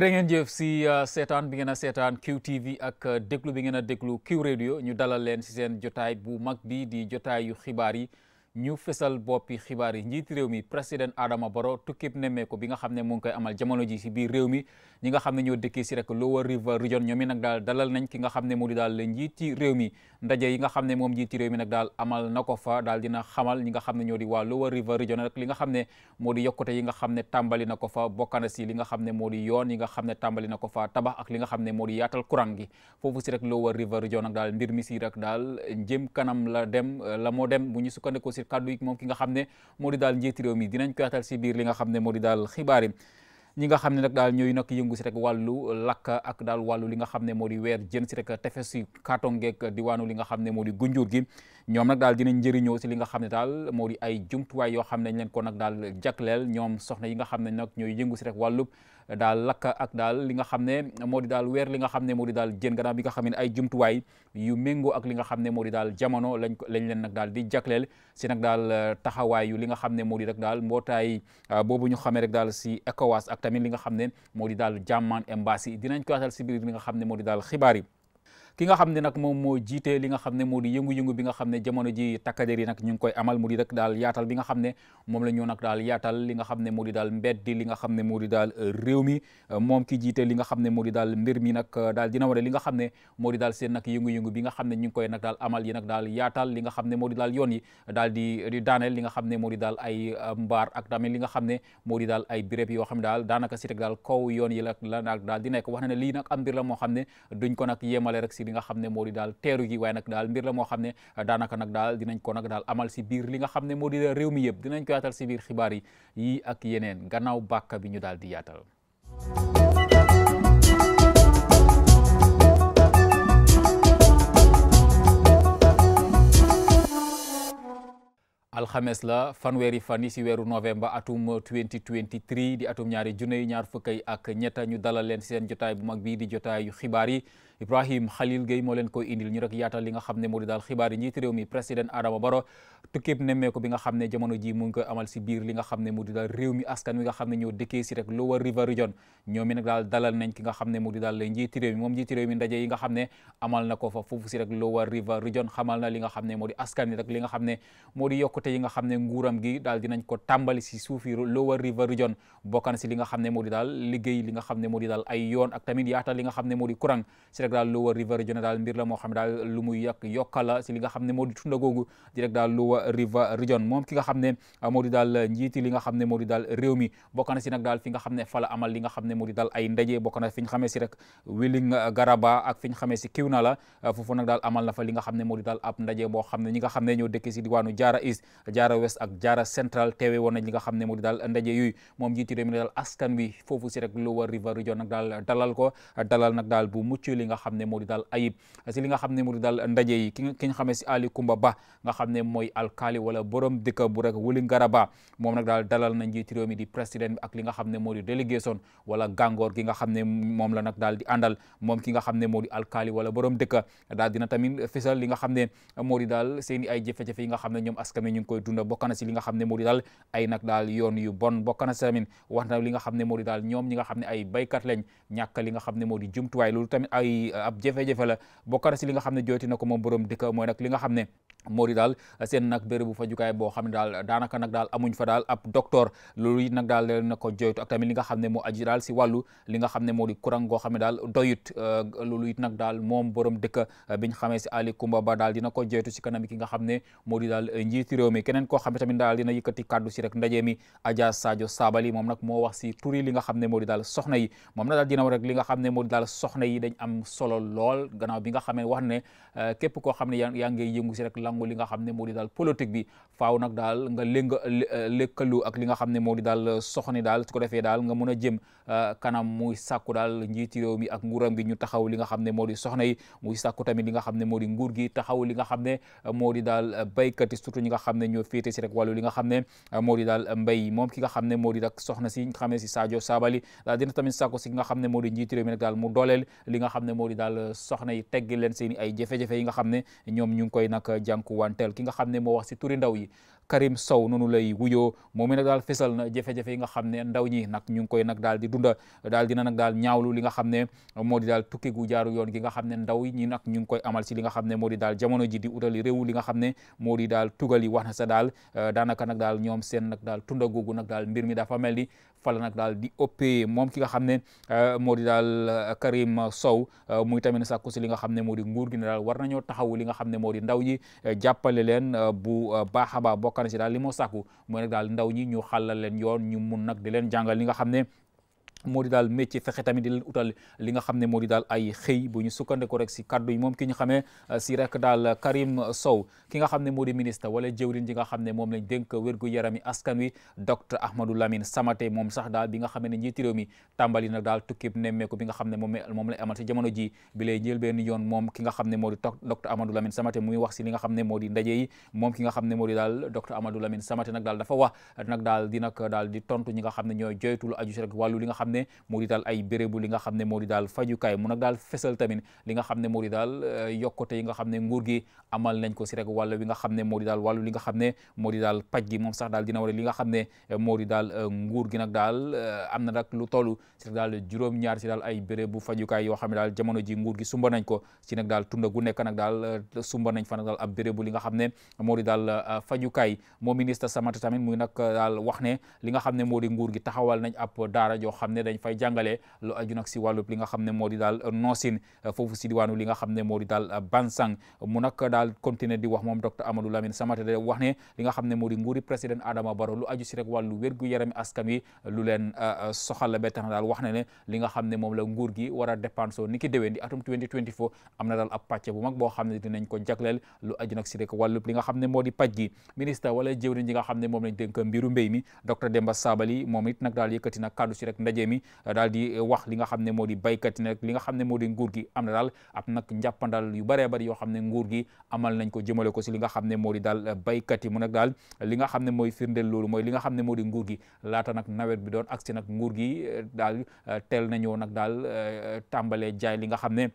jërë ngeen jëf si euh, seetaan bi ngeen a seetaan QTV ak euh, déglu bi ngeen a déglu Q radio ñu dalal leen si seen jotaay bu mag bi di jotaayu yu xibaar yi. ñu fësal boppi xibaar yi njiiti réew mi président Adama Barrow tukkib nemmeeku bi nga xam ne mu ngi amal jamono ji si ne ñoo rek Lower River Region ñoom i nag daal dalal nañ ki nga xam ne moo di daal njiiti mi nag daal amal ko fa daal dina xamal ñi nga xam ne ñoo di waa Lower River Region rek li nga xam ne moo di yokkute yi nga xam ne tàmbali na ko fa bokk na si li nga xam ne moo di yoon yi nga xam ne tàmbali na ko fa tabax ak li nga xam ne moo di yaatal courant gi foofu si rek Lower River Region nag daal mbir mi si rek daal jëm kanam la dem la moo dem bu ñu sukkandikoo si kaddu yi moom ki nga xam ne moo di daal njiiti réew mi dinañ ko yaatal si li nga xam ne moo di daal xibaar yi xam ne nag daal ñooy nag yëngu si rek wàllu lakk ak daal wàllu li nga xam ne moo di weer jën si rek tefes si katongeeg diwaanu li nga xam ne moo di gunjur gi ñoom nag daal dinañ njëriñoo si li nga xam ne daal moo ay jumtuwaay yoo xam ne leen ko nag daal jagleel ñoom soxna yi nga xam ne nag ñooy yëngu si rek wàllub daal lakk ak daal li nga xam ne moo di daal weer li nga xam ne moo di daal jën bi nga xam ne ay jumtuwaay yu méngoo ak li nga xam ne moo di daal jamono lañ lañ leen nag daal di jagleel si nag daal taxawaay yu li nga xam ne moo di rek daal mbootaay boobu ñu xamee rek daal si ECOWAS ak tamit li nga xam ne moo di daal jàmmaan embassy dinañ ko atal si biir li nga xam ne moo di daal xibaar yi ki nga xam ne nag moom moo jiite li nga xam ne moo di yëngu-yëngu bi nga xam ne jamono ji takkadeer yi nag ñu koy amal mu rek daal yaatal bi nga xam ne moom la ñu nag daal yaatal li nga xam ne moo di daal mbedd li nga xam ne moo di daal réew mi moom li nga xam ne moo di daal mbir mi nag daal dina wane li nga xam ne moo di daal seen nag yëngu bi nga xam ne ñu ngi koy nag daal amal yi nag daal yaatal li nga xam ne moo di daal yoon yi daal di di daaneel li nga xam ne moo di daal ay mbaar ak tamit li nga xam ne moo di daal ay béréb yoo xam ne daal daanaka si rek daal kaw yoon yi la la daal di nekk wax na ne lii nag am mbir la moo xam ne duñ ko nag yemale rek si li nga xam ne moo di daal teeru gi waaye nag daal mbir moo xam ne uh, daanaka nag daal dinañ ko nag daal amal si biir li nga xam ne moo di réew mi yëpp dinañ ko yaatal si biir xibaar yi yii ak yeneen gannaaw bàkk bi ñu daal di yaatal alxames la fanweeri fan yi si weeru novembre atum 2023 di atum ñaari junne yi ñaar fukk ak ñetta ñu dalal leen seen jotaay bu mag bii di jotaayu xibaar yi Ibrahim Khalil Gueye moo leen indil ñu rek yaatal li nga xam ne moo di daal xibaar yi njiiti réew mi président Adama Barrow tukkeeb nemmeeku bi nga xam ne jamono ji mu nga xam ne daal réew mi askan i nag daal mi moom njiiti réew mi ndaje yi nga xam ne ko fa foofu si rek Lower River Region xamal li nga xam ne askan rek li nga xam ne moo di yokkute yi nga xam ne nguuram gi daal dinañ ko tàmbali si suufi Lower River Region bokkan si li nga xam ne moo di daal liggéey li nga xam ne moo di daal ay yoon li nga ne daal lu wa River Region daal mbir la moo xam daal lu muy si li nga xam ne moo di tunda googu di rek daal lu wa River Region moom ki xam ne ah, moo daal njiiti li nga xam ne moo di daal réew mi bokk na si nag daal fi xam ne fala amal li xam ne moo daal ay ndaje bokk na fi ñu xamee si ah, na fa li nga xam ne moo di daal ab ndaje boo xam ne xam ne ñoo dëkk si diwaanu Jara East Jara West ak Jara Central teewe woon nañ xam ne moo di daal ndaje yooyu moom njiiti réew mi daal askan wi foofu si rek lu wa River Region nag daal dalal ko ah, dalal xam ne moo di daal ayib si li nga xam ne moo daal ndaje yi ki ki si Ali Kumba Ba nga xam ne mooy alkaali wala borom dëkk bu rek Woulingaraba moom nag daal dalal na njiitu réew mi di président ak li nga xam ne moo di délégation wala gàngoor gi nga xam ne moom la nag daal di àndal moom ki nga xam ne moo di alkaali wala borom dëkk daal dina tamit fésal li nga xam ne moo di daal seen ay jafe-jafe yi nga xam ne ñoom askan wi ñu ngi koy dunda bokk na si li nga xam ne moo di daal ay nag daal yoon yu bon bokk li nga xam ne moo di daal ñoom ñi nga xam ne ay baykat lañ ñàkk li nga di ab jafe-jafe la bokk na si li xam ne joyti na ko moom borom dëkk mooy nag li nga xam ne moo di daal seen daal daanaka nag daal amuñ fa daal li nga xam ne moo aji daal si wàllu li nga xam ne moo di courant goo xam ne daal doyut loolu daal moom borom dëkk bi ñu xamee si Ali Kumba Ba daal dina ko joytu si kanam ki nga xam ne moo di daal njiiti réew mi keneen koo xam ne tamit daal dina yëkkati kàddu si rek ndaje mi Adja Sadio Sabali moom nag moo wax si turi li nga xam ne moo di daal soxna yi moom na daal dina wax rek xam ne moo daal soxna yi solo lool gannaaw bi nga xamee wax ne képp koo xam ne yaa ngi yëngu si rek langu li nga xam ne moo di daal politique bi faaw nag daal nga lénga lëkkalu ak li nga xam ne moo di daal soxni daal su ko defee daal nga mën a jëm kanam muy sàkku daal njiiti réew mi ak nguuram gi ñu taxaw li nga xam ne moo di soxna yi muy sakk tamit li nga xam ne moo di nguur gi taxaw li nga xam ne moo di daal béykat yi surtout ñi nga xam ne ñoo féete si rek wàllu li nga xam ne moo di daal mbéy moom ki nga xam ne moo di rek soxna si nga xam si Sadio Sabali daal dina tamit sàkku si nga xam ne moo di njiiti réew mi nag daal mu dooleel li nga xam moo daal soxna yi tegg leen seen i ay jafe-jafe yi nga xam ne ñoom ñu ngi koy nag jànkuwanteel ki nga xam ne moo wax si turi ndaw yi Karim Sow noonu lay wuyoo moom i nag daal fesal na jafe-jafe yi nga xam ne ndaw ñi nag ñu koy nag daal di dunda daal dina nag daal ñaawlu li nga xam ne moo di daal tukki gu jaaru yoon gi nga xam ne ndaw ñi nag ñu ngi koy amal si li nga xam ne moo di daal jamono ji di utali réew li nga xam ne moo di daal tugal yi wax na sa daal euh, daanaka nag daal ñoom seen nag daal tunda googu nag daal mbir mi dafa mel ni fala nag daal di ëppee moom ki nga xam ne euh, moo di daal euh, Karim Sow muy tamit sàkku si li nga xam ne moo di nguur gi na daal war nañoo taxawu li nga xam ne moo di ndaw ñi jàppale leen bu baax a baax bokk na si daal li moo sàkku mooy nag daal ndaw ñi xam ne moo di daal métier fexe tamit di utal li nga xam ne moo di daal ay xëy bu ñu sukkandiku rek si kaddu yi moom ki ñu xamee nga xam ne moo di ministre wala jëwrin ji nga xam ne moom lañ dénk wérgu yarami askan wi docteur Ahmadou Lamine Samaté moom sax daal di docteur Ahmadou Lamine Samaté muy wax si li nga xam ne moo di ndaje yi moom ki nga xam ne moo di daal docteur Ahmadou Lamine Samaté nag daal dafa wax nag daal di daal di tontu ñi nga xam ne ñooy joytul aju si rek wàllu li nga xam xam ne moo di daal ay bérébu li nga xam ne moo di daal fajukaay mu nag moo di daal yokkute yi nga xam ne nguur gi amal nañ ko si rek wàllu bi gi moom sax daal dina war li nga xam ne moo di si rek daal juróom-ñaar yoo xam ne daal jamono ji nguur gi sumba nañ ko si nag daal tunda gu nekk nag daal sumba nañ li nga xam ne moo di daal fajukaay moo ministre Samata tamit muy nag daal wax ne li nga xam ne moo di taxawal nañ ab daara joo ne dañ fay jàngalee lu aju nag si wàllub li xam ne moo daal euh, euh, Bansang mu nag daal continuer wax moom docteur Amadou Lamine Samate da wax ne li nga xam ne moo di nguuri président euh, la ba tax na daal wax na ne li nga xam ne moom la nguur gi war a dépensé ni ki déwén di atum 2024 am na daal ab pàcc bu mag boo xam ne dinañ ko jagleel lu aju nag si rek wàllub li xam ne moo di gi ministre wala jëwriñ ji nga xam ne moom lañ dénk mbiru si rek ndaje mi eh, daal di eh, wax li nga xam ne moo di baykat yi nag li nga xam ne moo di nguur gi am na daal ab nag njàppandal yu bëree bëri yoo xam ne nguur gi amal nañ ko jëmale ko si li nga xam ne moo di daal eh, baykat yi mu nag daal li nga xam ne mooy firndeel loolu mooy li nga xam ne moo di nguur gi laata nag nawet bi doon agsi nag nguur gi daal teel nañoo nag daal tàmbalee jaay li nga xam ne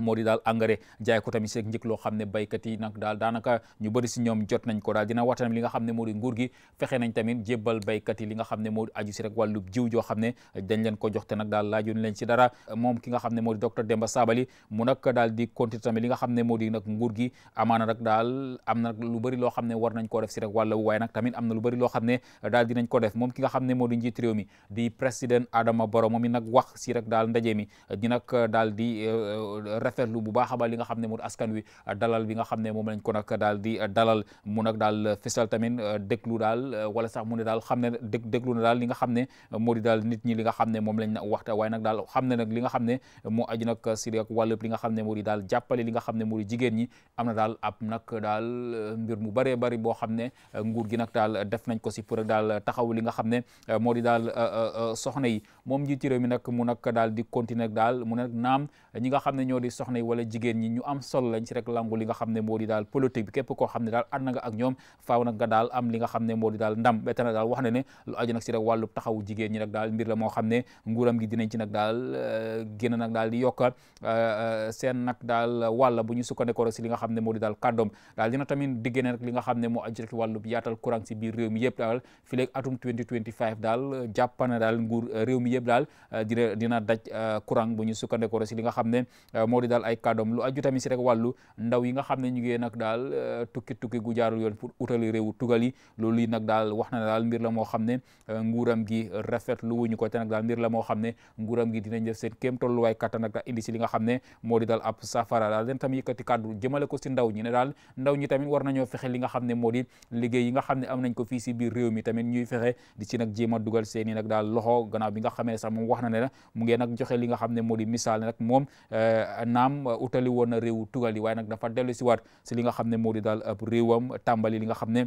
moo di daal engrais jaay ko tamit seeg njëkk loo xam ne béykat yi nag daal daanaka ñu bëri si ñoom jot nañ ko daal dina waxtaan li nga xam ne moo di nguur gi fexe nañ tamit jébbal béykat yi li nga xam ne moo di aju si rek wàllu jiw joo xam ne dañ leen ko jox te nag daal laajoon leen si dara moom ki nga xam ne moo di docteur Demba Sabali mu nag daal di continuer tamit li nga xam ne moo di nag nguur gi amaana rek daal am na lu bari loo xam ne war nañ koo def si rek wàllu waaye nag tamit am na lu bari loo xam ne daal dinañ ko def moom ki nga xam ne moo di njiit réew mi di président Adama Barrow moom i wax si rek daal ndaje mi di daal di eh, eh, rafetlu bu baax a baax li nga xam ne mu askan wi uh, dalal bi nga xam ne moom lañ ko nag daal di uh, dalal mu nag daal uh, fisal tamit déglu daal wala sax mu daal xam ne dég déglu na daal li nga xam ne moo di nit ñi li nga xam ne moom lañ waxta waaye nag daal xam ne nag li nga xam ne moo aju nag si ak wàllub li nga xam ne moo di daal jàppale li nga xam ne moo di jigéen ñi am na daal ab nag daal mbir mu bëree bëri boo xam ne nguur gi nag daal def nañ ko si pour daal taxaw li nga xam ne moo di daal soxna yi moom njiiti réew mi nag mu nag daal di continuer daal mu ne naam ñi nga xam ne ñoo di soxna yi wala jigéen ñi ñu am solo lañ si rek langu li nga xam ne moo di daal politique bi képp koo xam ne daal ànd nga ak ñoom faaw daal li nga xam ne moo di daal ndam bette na daal wax na ne lu si wàllu taxawu jigéen ñi nag daal mbir la moo xam ne nguuram gi dinañ ci nag daal eh, génn nag daal di yokka eh, eh, seen nag daal wàlla bu ñu sukkandikoo si li nga xam ne moo di daal kàddoom daal dina tamit diggéene nag li nga xam ne moo aju rek wàllu yaatal courant si biir réew mi yëpp daal fi léegi atum 2025 daal jàppana daal nguur rew mi yëpp daal euh, dina dina daj euh, courant bu ñu sukkandekoo si li nga ne euh, moo di daal ay kàddoom lu aju tamit si rek wàllu ndaw yi nga xam ne ñu ngi nag daal na ne moo xam ne nguuram gi rafet lu wuñu ko te nag daal mbir la moo xam ne nguuram gi dinañ def seen kéem tolluwaay kattan nag daal indi si li nga xam ne moo di daal ab safara daal den tamit yëkkati kàddu jëmale ko si ndaw ñi ne daal ndaw ñi tamit war nañoo fexe li nga xam ne moo di liggéey yi nga xam ne am nañ ko fii si biir mi tamit ñuy fexe di si nag jéem a dugal seen i daal loxo gannaaw xamee sax moom wax na ne mu ngee nag joxe li nga xam ne moo di misaal ne nag moom euh, naam utali woon na réewu tugal yi waaye nag dafa dellu si waat si li nga xam ne moo di daal ab réewam tàmbali li nga xam ne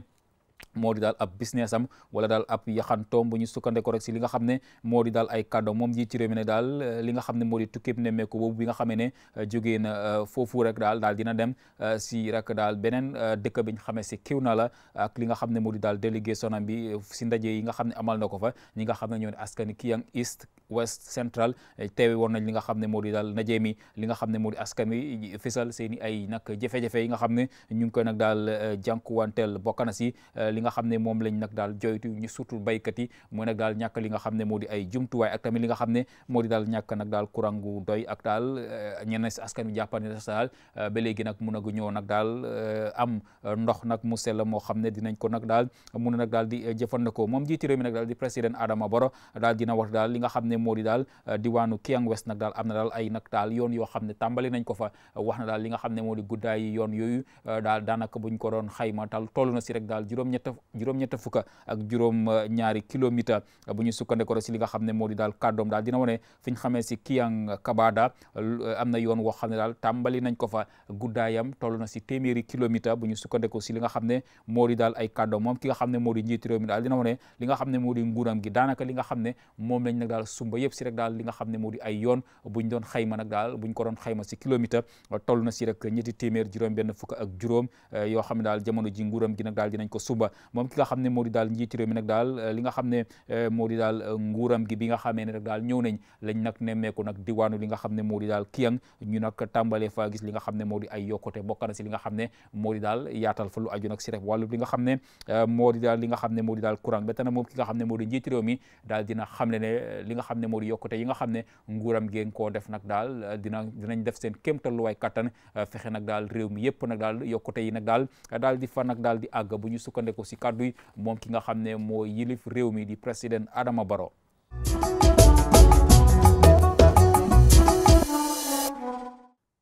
moo di daal ab business am wala daal ab yaxantoom bu ñu sukkandeko rek si li nga xam ne moo di daal ay kado moom ji ci réew mi ne daal euh, li nga xam ne moo di tukkeeb nemmeeku boobu bi nga xamee ne euh, euh, foofu rek daal daal dina dem si rek daal beneen dëkk bi ñu xamee si kiw na la ak li nga xam ne moo di daal délégation am bi si ndaje yi nga xam ne amal na ko fa ñi nga xam ne ñoo ne askani Kiang East West Central eh, teewe woon nañ li nga xam ne moo di daal ndaje mi li nga xam ne moo di askan wi fisal seen i ay nag jafe-jafe yi nga xam ne ñu ngi koy nag daal eh, jànkuwanteel bokk na si eh, li nga xam ne moom lañ nag daal joytu surtout béykat yi mooy nag daal ñàkk li nga xam ne moo di ay jumtuwaay ak tamit li nga xam ne moo di daal ñàkk nag daal courant gu doy ak daal ñenn si askan wi jàppane daal ba léegi nag mun nagu nag daal am ndox nag mu sell moo xam ne dinañ ko nag daal mun nag daal di jëfandikoo moom jiiti réew mi nag daal di président Adama Barrow daal dina wax daal li nga xam ne moo di daal euh, diwaanu Kiang West nag daal am na daal ay nag daal yoon yoo xam ne tàmbali nañ ko fa euh, wax na daal li nga xam ne moo di guddaay yoon yooyu euh, daal daanaka buñ ko doon xayma tal toll na si rek daal juróom-ñett juróom-ñett fukk si li nga xam ne moo di daal kàddoom daal dina wane fi ñu xamee si Kiang Kabada woo xam ne daal tàmbali nañ ko fa guddaayam toll na si téeméeri kilomètre bu ñu sukkandekoo si li nga xam ne moo di daal ay kàddoom moom ki nga xam ne moo di njiitu réew daal dina sumba yëpp si rek daal li nga xam ne moo di ay yoon buñ doon xayma nag daal buñ ko doon gi nag moom ki nga xam ne moo di daal njiiti réew mi nag daal li nga xam ne moo di daal nguuram gi bi nga nag xam ne moo di daal kiyang ñu nag li nga xam ne moo di ay yokkute bokk na si li xam ne moo di daal yaatal fa lu aju nag xam ne moo di li nga xam ne moo di daal courant ba moom ki nga xam ne moo di daal dina xam ne ne li nga xam xam ne moo di yokkute yi nga xam ne nguuram géeng koo def nag daal dina dinañ def seen kéemtaluwaay kattan euh, fexe nag daal réew mi yëpp nag daal yokkute yi nag daal daal di fa nag daal di àgg bu ñu sukkandiku si kàddu yi moom ki nga xam ne moo yilif réew mi di président Adama Barrow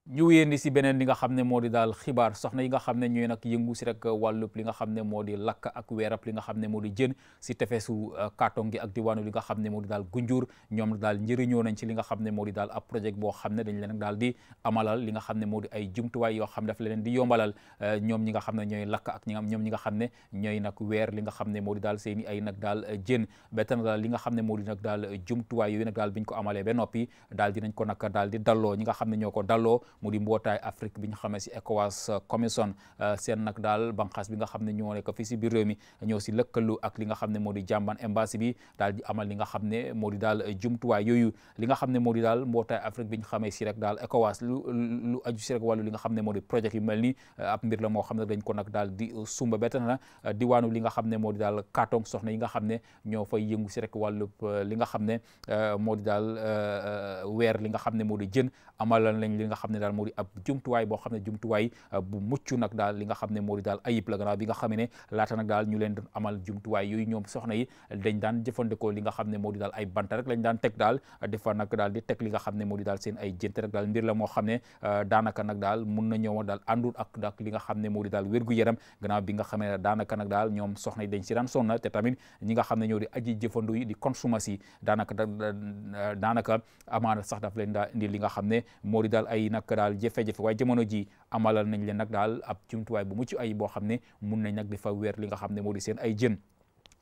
ñu wéyandi si beneen li nga xam ne moo di daal xibaar soxna yi nga xam ne ñooy nag yëngu si rek wàllub li nga xam ne moo di lakk ak weerab li nga xam ne moo di jën si tefesu Katong gi ak diwaanu li nga xam ne moo di daal Gunjur ñoom daal njëriñoo nañ si li nga xam ne moo di daal ab boo xam ne dañ leen daal di amalal li nga xam ne moo di ay jumtuwaay yoo xam ne daf leen di yombalal ñoom ñi nga xam ne ñooy lakk ak ñoom ñi nga xam ne ñooy nag weer li nga xam ne moo di daal seeni ay nag daal jën bétan daal li nga xam ne moo di nag daal jumtuwaay yooyu nag daal biñ ko amalee ba noppi daal dinañ ko nag daal di dalloo ñi nga xam ne ñoo ko dalo mu di mbootaay Afrique bi ñu xamee si ECOWAS commission seen nag daal banqaas bi nga xam ne ñoo nekk fii si biir réew mi ñoo si lëkkalu ak li nga xam ne moo di jàmban embassy bi daal di amal li nga xam ne moo di daal jumtuwaay yooyu li nga xam ne moo di daal mbootaay Afrique bi ñu xamee si rek daal ECOWAS lu lu aju si rek wàllu li nga xam ne moo di projet yu mel ni ab mbir la moo xam ne dañ ko nag daal di sumba bett na diwaanu li nga xam ne moo di daal kaatong soxna yi nga xam ne ñoo fay yëngu si rek wallu li nga xam ne moo daal weer li nga xam ne moo di jën amalal lañ li nga xam daal moo di ab jumtuwaay boo xam ne jumtuwaay euh, bu mucc nag daal li xam ne moo daal ayib la nga euh, na ñëw daal àndul ak dak li nga xam ne moo di daal wér-gu-yaram gannaaw bi nga xam ne daanaka ñoom soxna yi dañ si sonna te tamit ñi xam ne ñoo aji jëfandu di consommation euh, daanaka amaana sax daf leen daa indi li xam ne moo daal ay nag daal jafe-jafe waaye jamono ji amalal nañ leen nag daal ab jumtuwaay bu mucc ay boo xam ne mun nañ nag di fa weer li nga xam ne moo di seen ay jën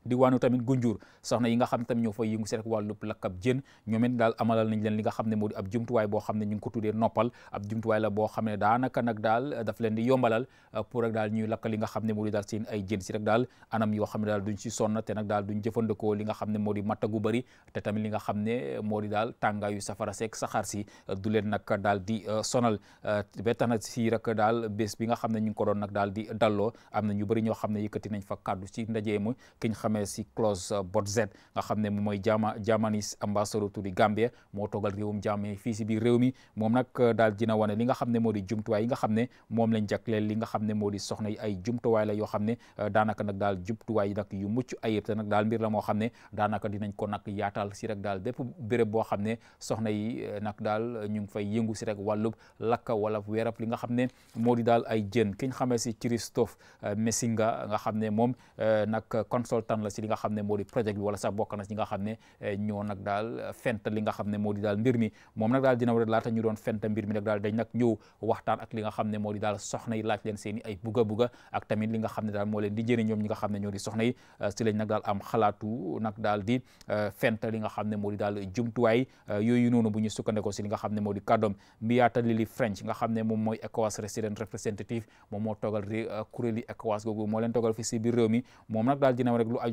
di diwaanu tamit Gunjur soxna yi nga xam ne tamit ñoo fay yëngu si rek wàllu lakkab jën ñoom it daal amalal nañ leen li nga xam ne moo di ab jumtuwaay boo xam ne ñu ko tuddee noppal ab jumtuwaay la xam ne daanaka nag daal daf leen di yombalal pour rek ñuy lakk li nga xam ne moo di daal ay jën si rek daal anam yoo xam ne daal duñ si sonn te nag daal duñ li nga xam ne moo di matta gu bëri te tamit li nga xam ne moo di tàngaayu safara seeg saxaar si du leen nag daal di sonal ba na si rek daal bés bi nga xam ne ñu ngi ko doon nag daal di dalloo am na ñu bëri ñoo xam ne yëkkati nañ fa kàddu si ndaje mu amee si euh, mooy jaama ambassador to the Gambia moo toogal réewum Jammeh fii si biir réew mi moom nag euh, daal dina wane li nga xam ne moo di jumtuwaay yi nga xam ne moom lañ jagleel li nga ne moo di soxna yi ay jumtuwaay la yoo xam ne euh, daanaka nag daal jumtuwaay yi nag yu mucc ayib te nag daal mbir la moo xam ne daanaka dinañ ko nag yaatal si rek daal bépp béréb boo xam ne soxna yi daal ñu ngi fay yëngu si rek wàllub lakka wala weerab li nga xam ne moo di daal ay jën ki ñu si Christophe Messinga nga xam ne moom nag consultant la si li nga xam ne moo di projet bi wala sax bokk na si ñi nga xam ne eh, ñoo nag daal fent li nga xam ne moo di daal mbir moom nag daal xam ne di daal soxna yi laaj leen seen i ay buga buga ak tamit li nga xam ne daal moo leen di soxna yi eh, si lañ nag daal am xalaatu nag daal di eh, fent li nga xam ne moo di daal jumtuwaay yooyu noonu bu ñu sukkandekoo si li nga xam ne moo di kàddoom Mbiyaata Lili French nga xam moom mooy ECOWAS resident representative moom moo toogal kuréeli ECOWAS googu moo leen toogal fi si biir réew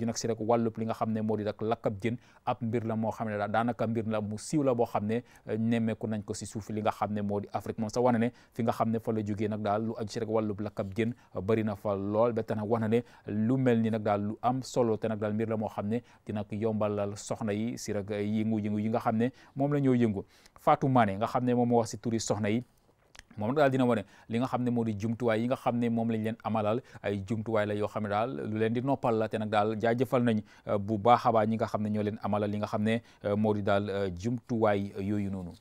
ji nag si rek wàllub li nga xam ne moo di rek lakkab jën ab mbir la moo xam ne daal daanaka mbir la mu siiw la boo xam ne eh, nemmeeku nañ ko si suuf li nga xam ne moo di Afrique moom sa wane ne fi nga xam ne fa la jógee nag daal lu aju si rek wàllub lakkab jën eh, bëri na fa lool ba tax nag wax na ne lu mel ni nag daal lu am solo te nag daal mbir la moo xam ne dina yombal yombalal soxna yi si rek eh, yëngu-yëngu yi nga xam ne moom la ñoo yëngu Fatou Mané nga xam ne moom moo wax si turi soxna yi moom daal dina wane li nga xam ne moo di jumtuwaay yi nga xam ne moom lañ leen amalal ay jumtuwaay la yoo xam ne daal lu leen di noppal la te nag daal jaajëfal nañ euh, bu baax a baax ñi nga xam ne ñoo leen amalal li nga xam ne euh, moo di daal euh, jumtuwaay yooyu noonu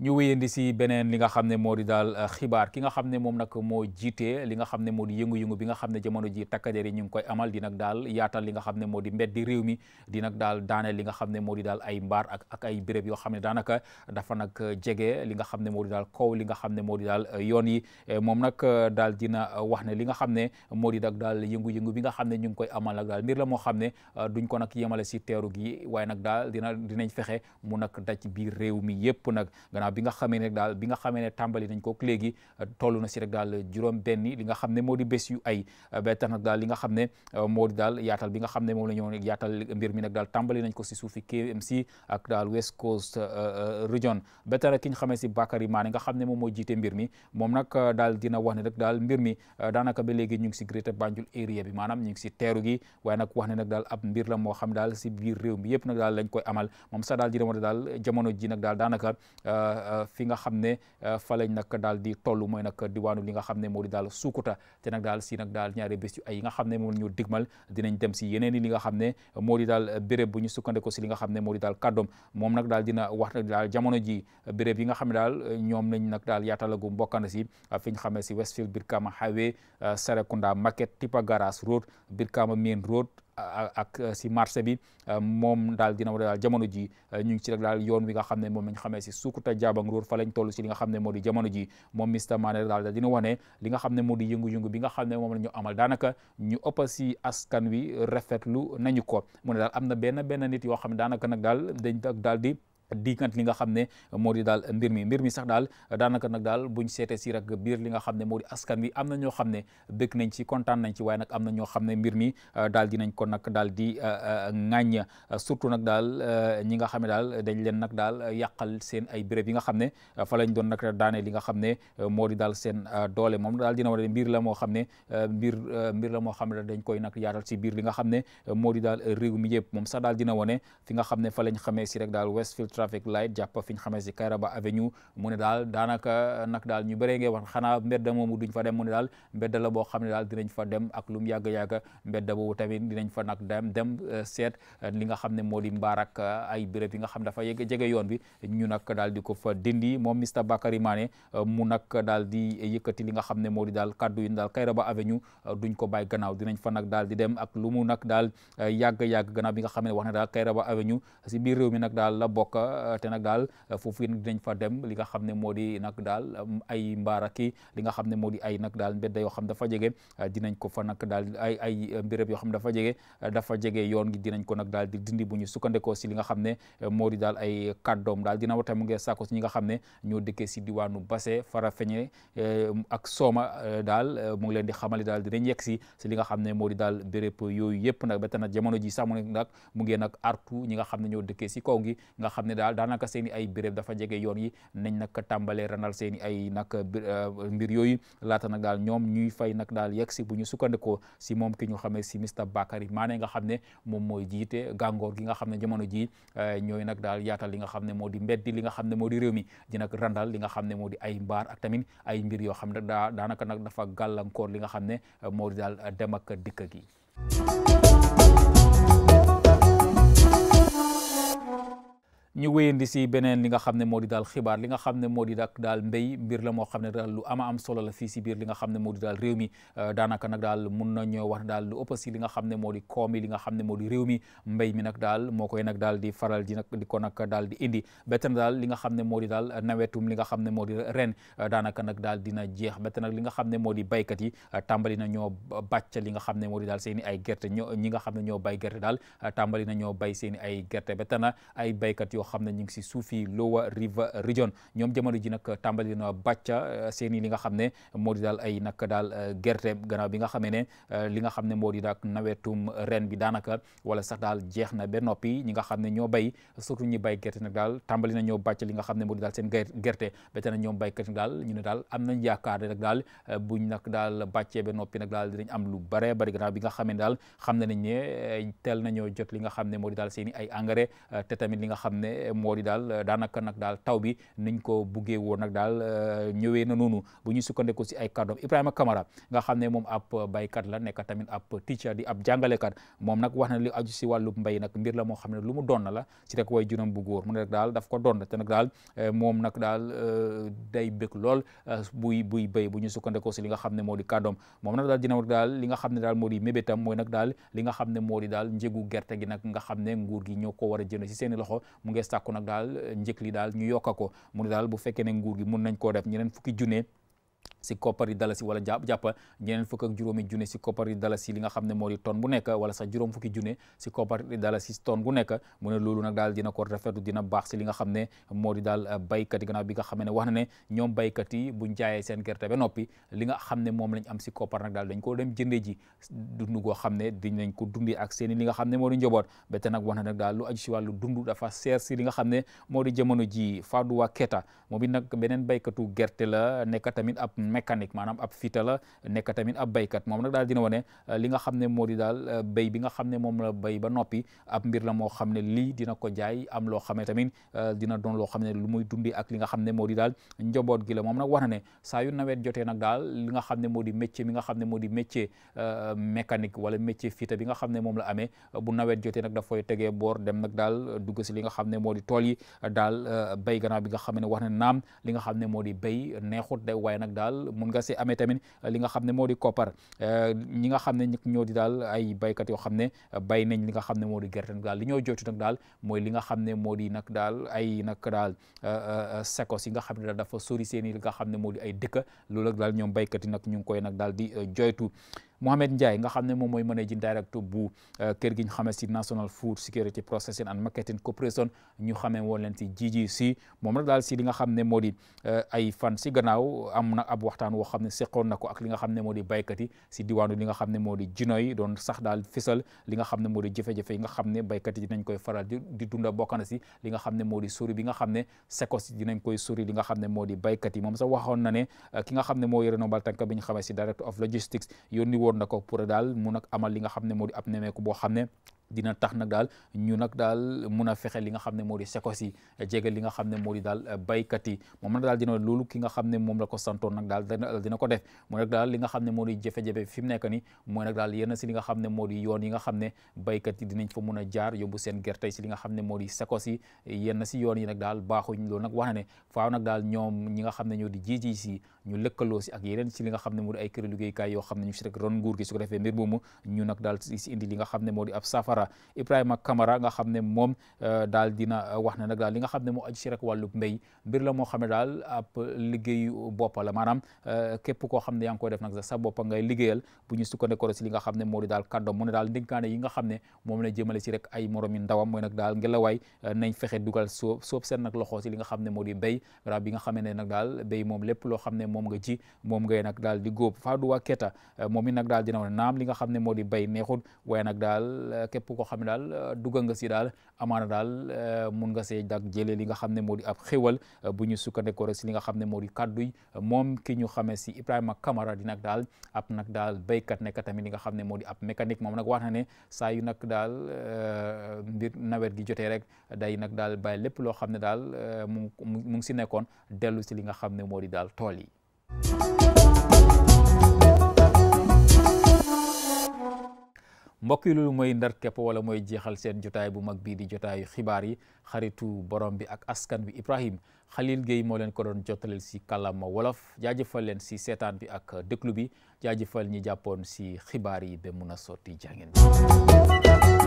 ñu wéyandi si beneen li nga xam ne moo di daal xibaar ki nga xam ne moom nag moo jiitee li nga xam ne moo di yëngu bi nga xam ne jamono ji takkadeer yi ñu ngi koy amal di daal yaatal li nga xam ne moo di mbeddi réew mi di daal daaneel li nga xam ne moo di daal ay mbaar ak yoo xam ne daanaka dafa nag jege li nga xam ne moo di daal kow li nga xam ne moo di daal yoon yi moom nag daal dina wax ne li nga xam ne moo di nag daal yëngu-yëngu bi nga xam ne ñu ngi koy amal nag daal mbir la moo xam ne duñ ko nag yemale si teeru gi waaye nag daal dina dinañ fexe mu nag daj biir réew mi yépp nag bi nga xamee ne daal bi nga xamee ne tàmbali nañ ko léegi toll na si rek daal juróom benni li nga xam ne moo di bés yu ay ba tax nag daal li nga xam ne uh, moo daal yaatal bi nga xam ne moom la ñoo yaatal mbir mi nag daal tàmbali nañ ko si suufi KMC ak daal West Coast uh, uh, region ba tax ki ñu xamee si Bakary Mané nga xam ne moom moo jiite mbir mi moom nag daal dina wax ne rek daal mbir mi daanaka ba léegi ñu ngi si Greater Banjul area bi maanaam ñu ngi si teeru gi waaye nag wax ne nag daal ab mbir la moo xam daal si biir réew mi yëpp nag daal lañ koy amal moom sa daal dina wax daal jamono ji nag daal daanaka Euh, fi nga xam ne euh, fa lañ nag daal di toll mooy nag diwaanu li nga xam ne moo di daal Sukuta te nag daal si nag daal ñaare bés yu ay yi nga xam ne moom ñu digmal dinañ dem si yeneen i li nga xam ne moo di daal béréb bu ñu sukkandeko si li nga xam ne moo di daal kàddoom moom nag daal dina wax nag daal jamono ji béréb yi nga xam ne daal ñoom lañ nag daal yaatalagu mbokkana si euh, fi ñu xamee si Westfield Birkama Highway Serekunda Market Tipa Garage Road Birkama Main Road ak si marché bi euh, moom daal dina wara daal jamono ji euh, ñu ngi ci rek daal yoon wi nga xam ne moom lañ xamee si Sukuta Jabang Road fa lañ toll si li nga xam ne moo di jamono ji moom Mr Mané daal dina wane li nga xam ne moo di yëngu-yëngu bi nga xam ne moom la ñu amal daanaka ñu ëpp si askan wi rafetlu nañu ko mu ne daal am na benn benn nit yoo xam ne daanaka nag daal dañ daal di diikant li nga xam ne moo di daal mbir mi mbir mi sax daal daanaka nag daal buñ seetee si rek biir li nga xam ne moo di askan wi am na ñoo xam ne bëgg nañ ci kontaan nañ ci waaye nag am na ñoo xam ne mbir mi euh, daal dinañ ko nag daal di euh, euh, ŋàññ surtout nag daal ñi nga xam ne daal dañ leen nag daal yàqal seen ay béréb yi nga xam ne fa lañ doon nag daane li nga xam ne moo di daal seen doole moom daal dina war a la moo xam ne mbir mbir la moo xam ne dañ koy nag yaatal si biir li nga xam ne moo di daal réew mi yëpp moom sax daal dina wone fi nga xam ne fa lañ xamee si rek daal Westfield traffic light jàpp fi ñu xamee si Kairaba Avenue mu ne daal daanaka euh, nag daal ñu bëree nge wax xanaa mbedd duñ fa dem mu ne daal mbedd la boo xam ne daal dinañ fa dem ak lu mu yàgg-yàgg mbedd boobu tamit dinañ fa nag dem dem euh, seet euh, li nga xam ne moo di mbaarak ay béréb yi nga xam dafa yegg jege yoon bi ñu nag daal di ko fa dindi moom Mr Bakary Mané mu nag daal di yëkkati li nga xam ne moo di daal kaddu yi daal Kairaba Avenue duñ ko bàyyi gannaaw dinañ fa nag daal di dem ak lu mu nag daal yàgg-yàgg gannaaw bi nga xam ne wax ne daal Kairaba Avenue si biir réew mi nag daal la bokk fa euh, te nag daal euh, foofu dinañ fa dem li nga xam ne moo di nag daal um, ay mbaaraki li nga xam ne moo di ay nag daal mbedd yoo xam dafa jege euh, dinañ ko fa nag daal ay ay mbirëb yoo xam dafa jege dafa jege yoon gi dinañ ko nag daal di dindi bu ñu sukkandekoo si li nga xam ne moo di daal ay kàddoom daal dina wata mu ngi sàkku si ñi nga xam ne ñoo dëkkee si diwaanu Basse Farafenni ak Soma daal mu ngi leen di xamali daal dinañ yegg si si li nga xam ne moo di daal béréb yooyu yëpp nag ba tey nag ji sax mu nag mu ngi nag artu ñi nga xam ne ñoo dëkkee si kaw nga xam ne ne daal daanaka seen i ay béréb dafa jege yoon yi nañ nag tàmbalee ranal seen i ay nag euh, mbir yooyu laata nag daal ñoom ñuy fay nag daal yegg si bu ñu sukkandikoo si moom ki ñu xamee si Mr Bakary Mané nga xam ne moom mooy jiite gàngoor gi nga xam ne jamono ji euh, ñooy nag daal yaatal li nga xam ne moo di mbeddi li nga xam ne moo di réew mi di randal li nga xam ne moo di ay mbaar ak tamit ay mbir yoo xam ne daa daanaka nag dafa gàllankoor li nga xam ne euh, moodi daal dem ak dikk ñu wéyandi si beneen li nga xam ne moo di daal xibaar li nga xam ne moo dak daal mbéy mbir la moo xam ne daal lu ama am solo la fii si biir li nga xam ne moo di daal réew mi daanaka nag daal mun na ñoo wax daal lu ëpp li nga xam ne moo di koomi li nga xam ne moo réew mi mbéy mi nag daal moo koy nag daal di faral di nag di ko nag daal di indi bett na daal li nga xam ne moo di daal nawetum li nga xam ne moo di ren daanaka nag daal dina jeex bett nag li nga xam ne moo di baykat yi tàmbali na ñoo li nga xam ne moo di daal seen ay gerte ñoo ñi nga xam ne ñoo bay gerte daal tàmbali na ñoo bay seen i ay gerte bett na ay baykat yo xam ne ñu ngi si suufi Lower River tàmbali na euh, seen i li nga xam ne moo di daal ay nag daal euh, gerte gannaaw bi nga xamee ne euh, li nga xam ne moo di daal nawetum ren bi daanaka wala sax daal jeex na ba noppi ñi nga xam ne ñoo bay surtout ñi bay gerte nag daal tàmbali na ñoo bàcc li nga xam ne moo di daal seen gerte ba tey nag ñoom baykat nag daal ñu ne daal am nañ yaakaar rek daal buñ nag daal bàccee ba noppi nag daal dinañ am lu bare bari gannaaw bi nga xam ne daal xam nañ ne teel nañoo jot li nga xam ne moo di daal seen i ay engrais te tamit li nga xam ne ne moo di daal daanaka nag daal taw bi niñ ko buggee woon nag daal euh, ñëwee na noonu bu ñu sukkandiku si ay kàddoom Ibrahima Kamara nga xam ne moom ab baykat la nekk tamit ab teacher di ab jàngalekat moom nag wax na li aju si wàllu mbay nag mbir la moo xam ne lu mu doon la si rek way juróom bu góor mu ne daal daf ko doon te euh, moom nag daal euh, day bëgg lool bu buy bay bu ñu sukkandiku si li nga xam ne moo di kàddoom moom nag daal dina nag daal li nga xam ne daal moo di mébétam mooy nag daal li nga xam ne moo di daal njëgu gerte gi nag nga xam ne nguur gi ñoo ko war a jënd si seen loxo mu ngi bees nag daal njëkk li daal ñu yokk ko mu ne daal bu fekkee ne nguur gi mun nañ koo def ñeneen fukki junne si koppari dalasi wala jàpp jàpp ñeneen fukk ak juróomi junne si koppari dalasi xam ne moom lañ am si koppar nag daal dañ ko dem jëndee lu aju dafa seer si li xam ne moo di jamono ji Fadouwa Keta moom beneen baykatu gerte la nekk tamit mécanique maanaam ab fita la nekk tamit ab béykat moom nag daal dina wane li nga xam ne moo di daal béy bi nga xam ne moom la béy ba noppi ab mbir la moo xam ne lii dina ko jaay am loo xam ne tamit dina doon loo xam ne lu muy dundee ak li nga xam ne moo di daal njaboot gi la moom nag wax na ne saa yu nawet jotee nag daal li nga xam ne moo di métier mi nga xam ne moo di métier mécanique wala métier fita bi nga xam ne moom la amee bu nawet jotee nag daf koy tegee boor dem nag daal dugg si li nga xam ne moo di tool yi daal béy gannaaw bi nga xam ne moo di béy neexut de waaye daal daal mun nga see amee tamit li nga xam ne moo di koppar eh, ñi nga xam ne ñoo di daal ay baykat yoo xam ne bay nañ li nga xam ne moo di gerte nag daal li ñoo jooytu nag daal mooy li nga xam ne moo di nag daal ay nak daal eh, eh, sekos si nga xam ne daal dafa sori seen i li nga xam ne moo di ay dëkk loolu nag daal ñoom baykat yi nag ñu ngi koy nag daal di jooytu Mohamed Ndiaye nga xam ne moom mooy managing director bu kër gi ñu si National Food Security Processing and Marketing Corporation ñu xamee woon leen si GGC moom nag daal si li nga xam ne moo di ay fan si gannaaw na ab waxtaan woo xam ne seqoon na ko ak li nga xam ne moo di baykat yi si diwaanu li nga xam ne moo di jino yi doon sax daal fisal li nga xam ne moo di jafe yi nga xam ne baykat yi nañ koy faral di dunda bokk na si li nga xam ne moo di sori bi nga xam ne sekos dinañ koy sori li nga xam ne moo di baykat yi moom sax waxoon na ne ki xam ne moo yore nombal tànk bi woon na ko pour daal mun nag amal li nga xam ne moo di ab nemeeku boo xam ne dina tax nag daal ñu nag daal mun a fexe li nga xam ne moo di sekos yi jege li nga xam ne moo di daal baykat yi moom nag daal dina loolu ki nga xam ne moom la ko santoon nag daal dina ko def mooy nag daal li nga xam ne moo di jafe mu nekk ni mooy nag li nga xam ne moo di yoon yi xam ne baykat yi dinañ a jaar yóbbu seen gerte si li xam ne moo di sekos yi yenn si yoon yi daal baaxuñ loolu nag wax na ne faaw nag daal ñoom ñi nga xam ne ñoo di jiji si ñu lëkkaloo si ak yeneen si li nga xam ne moo ay kër liggéeykaay yoo xam ne ñu si rek ron nguur gi su ko defee mbir moomu ñu nag daal si indi li nga xam ne moo ab safara Camara Ibrahima Camara nga xam ne moom daal dina wax ne nag daal li nga xam ne moo aju si rek wàllu mbéy mbir la moo xam ne daal ab liggéeyu bopp la maanaam képp koo xam ne yaa ngi koy def nag sa bopp ngay liggéeyal bu ñu li nga xam ne moo di daal kàddoom mu ne daal ndénkaane yi nga xam ne moom la jëmale si rek ay moromi ndawam mooy nag daal ngelawaay nañ fexe dugal soob soob seen nag si li nga xam ne moo di béy ra bi nga xam ne nag daal béy moom lépp loo xam ne moom nga ji moom ngay nag daal di góob Fadou Waketa moom it nag daal dina woon naam li nga xam pour koo xam ne daal euh, dugg nga si daal amaana daal euh, mun nga see dag jëlee li nga xam ne moo di ab xéwal euh, bu ñu sukkandekoo rek si li nga xam ne moo di kadduy moom ki ñu xamee si Ibrahima Kamara di nag daal ab nag daal béykat nekk tamit li nga xam ne moo di ab mécanique moom nag wax na ne saa yu nag daal mbir nawet gi jotee rek day nag daal bay lépp loo xam ne daal mu mu ngi si nekkoon dellu si li nga xam ne moo di daal tool yi mbokk yi loolu mooy ndar képp wala mooy jeexal seen jotaay bu mag bii di jotaayu xibaar yi xaritu borom bi ak askan wi Ibrahim Khalil Gueye moo leen ko doon jottaleel si kàllaama wolof jaajëfal leen si seetaan bi ak déglu bi jaajëfal ñi jàppoon si xibaar yi ba mun a sotti jàngeen